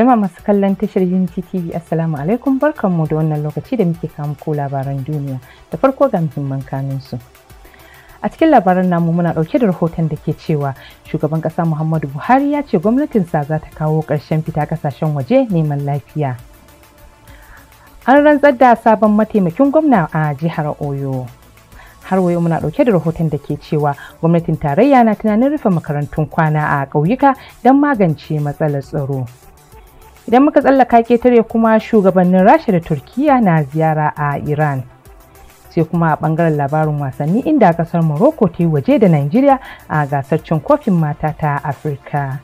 Jama'a masu kallon tashar Unity TV Assalamu alaikum barkanmu da wannan lokaci da muke kamu ko labaran duniya da farko ga muhimman kanunsu. A cikin labaran namu muna dauke da rahoton da ke cewa shugaban ƙasa Muhammadu Buhari ya ce gwamnatinsa za ta kawo ƙarshen fita ƙasashen waje neman lafiya. An rantsar da sabon mataimakin gwamna a jihar Oyo. har wayo muna dauke da rahoton da ke cewa gwamnatin tarayya na tunanin rufe makarantun kwana a ƙauyuka don magance matsalar tsaro. idan muka tsallaka ketare kuma shugabannin rasha da turkiya na ziyara a iran sai kuma a bangaren labarin wasanni inda kasar morocco ta yi waje da nigeria a gasar cin kofin mata ta afirka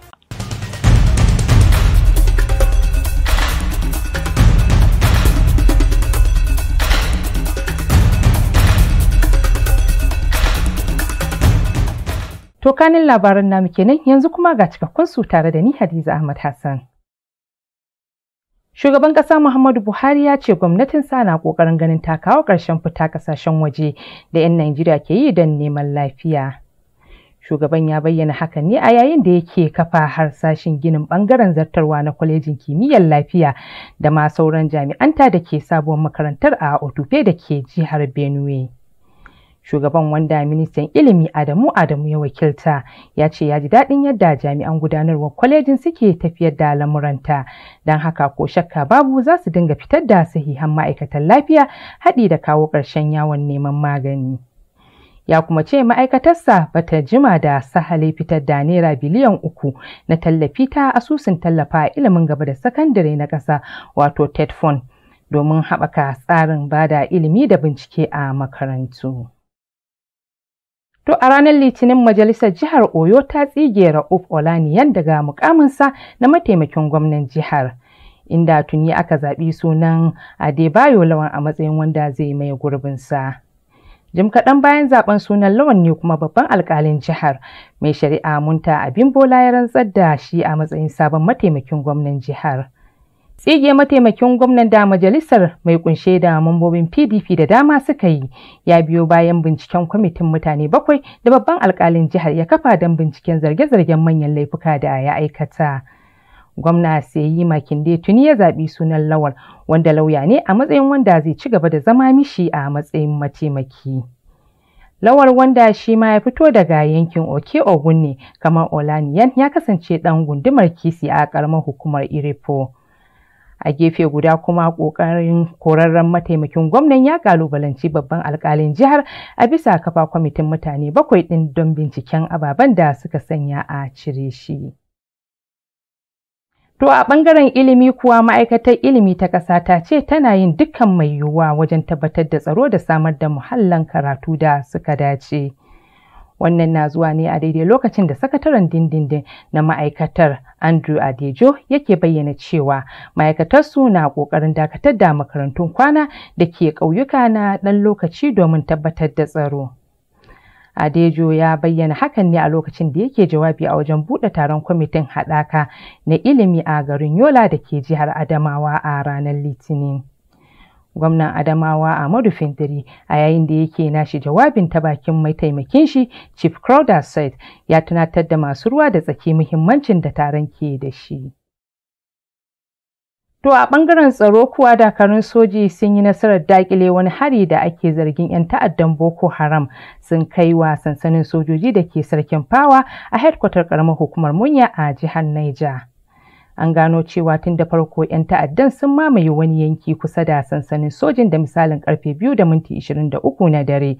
To kanin labaran namu kenan yanzu kuma ga cikakkun su tare da ni Hadiza Ahmad Hassan. Shugaban ƙasa Muhammadu Buhari ya ce gwamnatinsa na ƙoƙarin ganin ta kawo ƙarshen fita ƙasashen waje da 'yan Najeriya ke yi don neman lafiya. Shugaban ya bayyana hakan ne a yayin da yake kafa harsashin ginin ɓangaren zartarwa na kwalejin kimiyyar lafiya da ma sauran jami'anta da ke sabuwar makarantar a Otufe da ke jihar Benue. shugaban wanda ministan ilimi adamu adamu ya wakilta ya ce ya ji daɗin yadda jami'an gudanarwar kwalejin suke tafiyar da lamuranta don haka ko shakka babu za su dinga fitar da sahihan ma'aikatan lafiya haɗi da kawo ƙarshen yawon neman magani ya kuma ce ma'aikatarsa ba ta jima da sahale fitar da naira biliyan uku na tallafi ta asusun tallafa a ilimin gaba da sakandare na ƙasa wato tetfon domin haɓaka tsarin bada ilimi da bincike a makarantu. To a ranar Litinin Majalisar Jihar Oyo ta tsige Ra'uf Olaniyan daga mukaminsa na mataimakin gwamnan jihar. Inda tuni aka zaɓi sunan Adebayo Lawan a matsayin wanda zai mai gurbinsa. Jim kaɗan bayan zaɓen sunan Lawan ne kuma babban alƙalin jihar mai shari'a Munta Abin Bola ya rantsar da shi a matsayin sabon mataimakin gwamnan jihar. tsige mataimakin gwamnan da majalisar mai kunshe da mambobin pdp da dama suka yi ya biyo bayan binciken kwamitin mutane bakwai da babban alkalin jihar ya kafa don binciken zarge-zargen manyan laifuka da ya aikata gwamna sai makin makinde tuni ya zaɓi sunan lawal wanda lauya ne a matsayin wanda zai ci gaba da zama mishi a matsayin mataimaki Lawar wanda shi ma ya fito daga yankin oke ogun ne kamar olaniyan ya kasance ɗan gundumar kisi a ƙaramar hukumar irepo a gefe guda kuma kokarin korarren mataimakin gwamnan ya kalubalanci babban alkalin jihar a bisa kafa kwamitin mutane bakwai din don binciken ababen da suka sanya a cire shi. To a ɓangaren ilimi kuwa ma'aikatar ilimi ta ƙasa ta ce tana yin dukkan mai yiwuwa wajen tabbatar da tsaro da samar da muhallan karatu da suka dace. Wannan na zuwa ne a daidai lokacin da sakataren dindindin na ma'aikatar Andrew Adejo yake bayyana cewa ma'aikatarsu na ƙoƙarin dakatar da makarantun kwana da ke ƙauyuka na ɗan lokaci domin tabbatar da tsaro. Adejo ya bayyana hakan ne a lokacin da yake jawabi a wajen buɗe taron kwamitin haɗaka na ilimi a garin Yola da ke jihar Adamawa a ranar Litinin. gwamnan adamawa a madu Fintiri a yayin da yake nashi jawabin ta bakin mai taimakin shi Chief Crowder said ya tunatar da masu ruwa da tsaki muhimmancin da taron ke da shi. To a ɓangaren tsaro kuwa dakarun soji sun yi nasarar dakile wani hari da ake zargin 'yan ta'addan Boko Haram sun kai wa sansanin sojoji da ke sarkin fawa a hedkwatar ƙaramar hukumar Munya a jihar Niger. an gano cewa tun da farko 'yan ta'addan sun mamaye wani yanki kusa da sansanin sojin da misalin karfe 2 da minti 23 na dare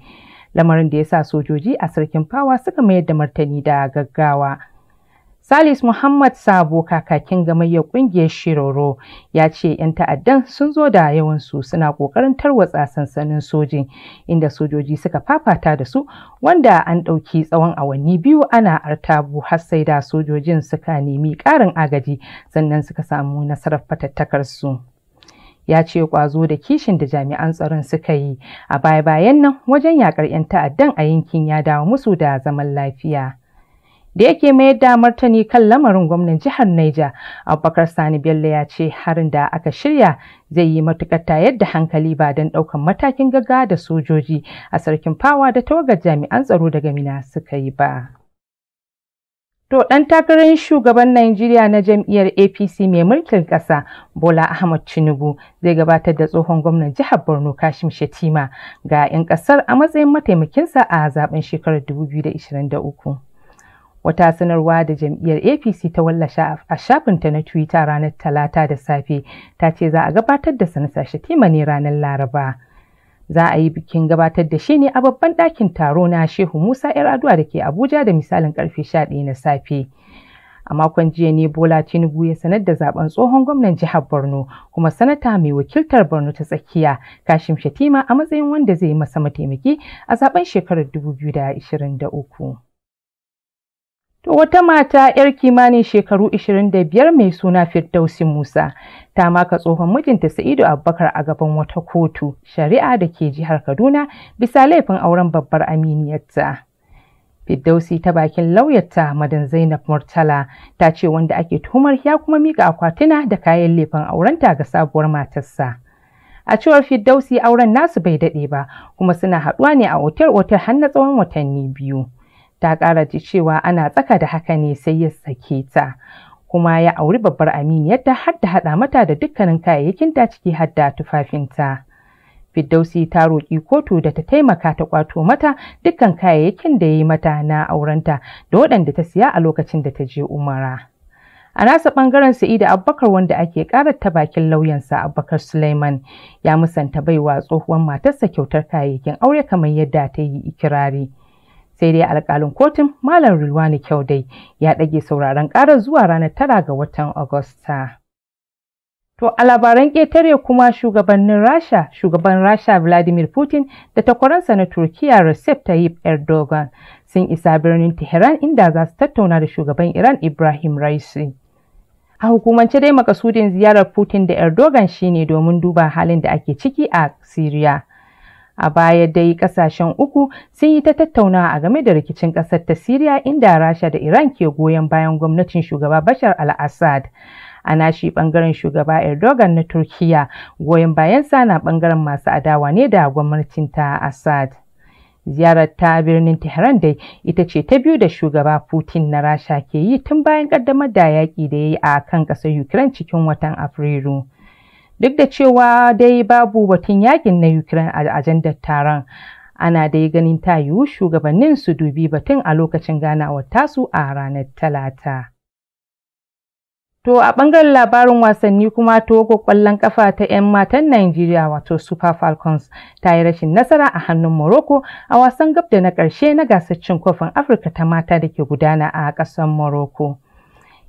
lamarin da ya sa sojoji a sarkin fawa suka mayar da martani da gaggawa. Salis Muhammad Sabo kakakin gamayyar ƙungiyar Shiroro ya ce 'yan ta'addan sun zo da yawansu suna ƙoƙarin tarwatsa sansanin sojin inda sojoji suka fafata da su wanda an ɗauki tsawon awanni biyu ana artabu har sai da sojojin suka nemi ƙarin agaji sannan suka samu nasarar fatattakarsu. ya ce ƙwazo da kishin da jami'an tsaron suka yi a baya-bayan nan wajen yakar 'yan ta'addan a yankin ya dawo musu da zaman lafiya. da yake mayar da martani kan lamarin gwamnan jihar Naija Abubakar Sani Bello ya ce harin da aka shirya zai yi matukar tayar da hankali ba don ɗaukan matakin gaggawa da sojoji a sarkin fawa da tawagar jami'an tsaro daga Mina suka yi ba. To ɗan takarar shugaban Najeriya na jam'iyyar APC mai mulkin ƙasa Bola Ahmad Tinubu zai gabatar da tsohon gwamnan jihar Borno Kashim Shetima ga 'yan ƙasar a matsayin mataimakinsa a zaben shekarar 2023. Wata sanarwa da jam'iyyar APC ta wallasha a shafinta na Twitter ranar Talata da safe ta ce za a gabatar da sanata Shatima ne ranar Laraba. Za a yi bikin gabatar da shi ne a babban ɗakin taro na Shehu Musa 'yar Yar'adua da ke Abuja da misalin karfe ɗaya na safe. a makon jiya ne bola tinubu ya sanar da zaben tsohon gwamnan jihar borno kuma sanata mai wakiltar borno ta tsakiya kashim shatima a matsayin wanda zai yi masa mataimaki a zaben shekarar 2023 To wata mata 'yar kimanin shekaru 25 mai suna Firdausi Musa ta maka tsohon mijinta Sa'idu Abubakar a gaban wata kotu shari'a da ke jihar Kaduna bisa laifin auren babbar aminiyarta. Firdausi ta bakin lauyarta Madan Zainab Murtala ta ce wanda ake tuhumar ya kuma mika akwatuna da kayan laifin aurenta ga sabuwar matarsa. A cewar Firdausi auren nasu bai daɗe ba kuma suna haɗuwa ne a otel-otel har na tsawon watanni biyu. ta ƙara ji cewa ana tsaka da haka ne sai ya sake ta kuma ya auri babbar amin yadda har da haɗa mata da dukkanin kayayyakin ta ciki har da tufafinta. Fiddausi ta roƙi kotu da ta taimaka ta ƙwato mata dukkan kayayyakin da ya yi mata na aurenta da waɗanda ta siya a lokacin da ta je Umara. A nasa ɓangaren Sa'ida Abubakar wanda ake ƙarar ta bakin lauyansa Abubakar Suleiman ya musanta baiwa tsohuwar matarsa kyautar kayayyakin aure kamar yadda ta yi ikirari. sai dai alkalin kotun malam rilwani kyau dai ya ɗage sauraron ƙarar zuwa ranar tara ga watan agusta To a labaran ƙetare kuma shugabannin Rasha, shugaban Rasha Vladimir Putin da takwaransa na Turkiya Recep Tayyip Erdogan sun isa birnin Tehran inda za su tattauna da shugaban Iran Ibrahim Raisi. A hukumance dai makasudin ziyarar Putin da Erdogan shine domin duba halin da ake ciki a Siriya. A baya dai kasashen uku sun yi ta tattaunawa a game da rikicin ƙasar ta Siriya inda Rasha da Iran ke goyon bayan gwamnatin shugaba Bashar al-Assad. A shi bangaren shugaba Erdogan na Turkiya goyon bayansa na bangaren masu adawa ne da gwamnatin ta Assad. Ziyarar ta birnin Tehran dai ita ce ta biyu da shugaba Putin na Rasha ke yi tun bayan ƙaddamar da yaƙi da ya yi a kan ƙasar Ukraine cikin watan Afrilu. Duk da cewa dai babu batun yakin na Ukraine a ajandar taron, ana dai ganin ta yiwu shugabannin su dubi batun a lokacin ganawar tasu a ranar Talata. To a ɓangaren labarin wasanni kuma Togo ƙwallon ƙafa ta 'yan matan Najeriya wato Super Falcons ta yi rashin nasara a hannun Morocco a wasan gab da na ƙarshe na gasar cin kofin Afirka ta mata da ke gudana a ƙasar Morocco.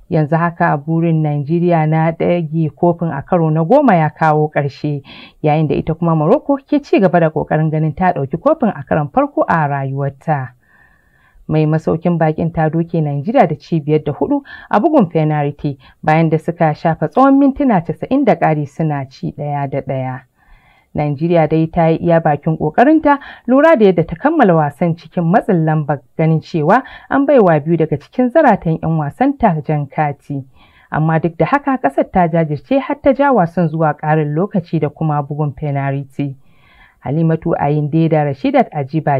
yanzu haka burin Najeriya na ɗage kofin a karo na goma ya kawo ƙarshe yayin da ita kuma Morocco ke ci gaba da ƙoƙarin ganin ta ɗauki kofin a karon farko a rayuwarta. mai masaukin bakin ta doke Najeriya da cibiyar da hudu a bugun fenariti bayan da suka shafa tsawon mintuna 90 da ƙari suna ci ɗaya da ɗaya. Najeriya dai ta yi iya bakin ƙoƙarinta lura da yadda ta kammala wasan cikin matsin lamba ganin cewa an baiwa biyu daga cikin zaratan 'yan wasan ta jan kati. Amma duk da haka ƙasar ta jajirce har ta ja wasan zuwa ƙarin lokaci da kuma bugun penalty. Halimatu Ayinde da Rashidat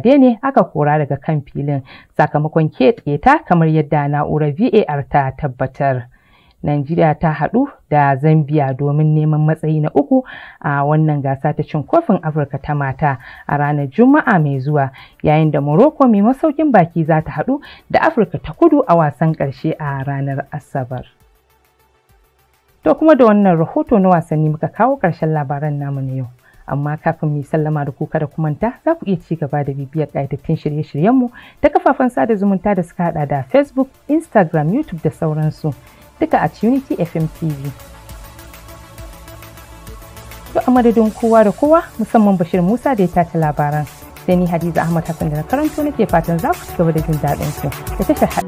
dai ne aka kora daga kan filin sakamakon ta kamar yadda na'urar VAR ta tabbatar. Najeriya ta haɗu da Zambia domin neman matsayi na uku a wannan gasa ta cin kofin Afirka ta mata a ranar Juma'a mai zuwa yayin da Morocco mai masaukin baki za ta haɗu da Afirka ta kudu a wasan ƙarshe a ranar Asabar. To kuma da wannan rahoto na wasanni muka kawo ƙarshen labaran namu na yau. amma kafin mu sallama da kuka da kumanta za ku iya ci gaba da bibiyar ƙayatattun shirye-shiryenmu ta kafafen sada zumunta da suka haɗa da facebook instagram youtube da sauransu duka a Unity FM TV. Duk a madadin kowa da kowa musamman Bashir Musa da ya tace labaran. Sai ni Hadiza Ahmad Hassan da na karanto nake fatan za ku ci da jin daɗin su da tashar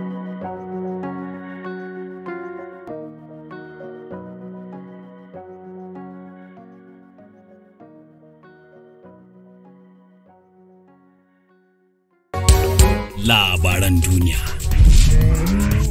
labaran duniya.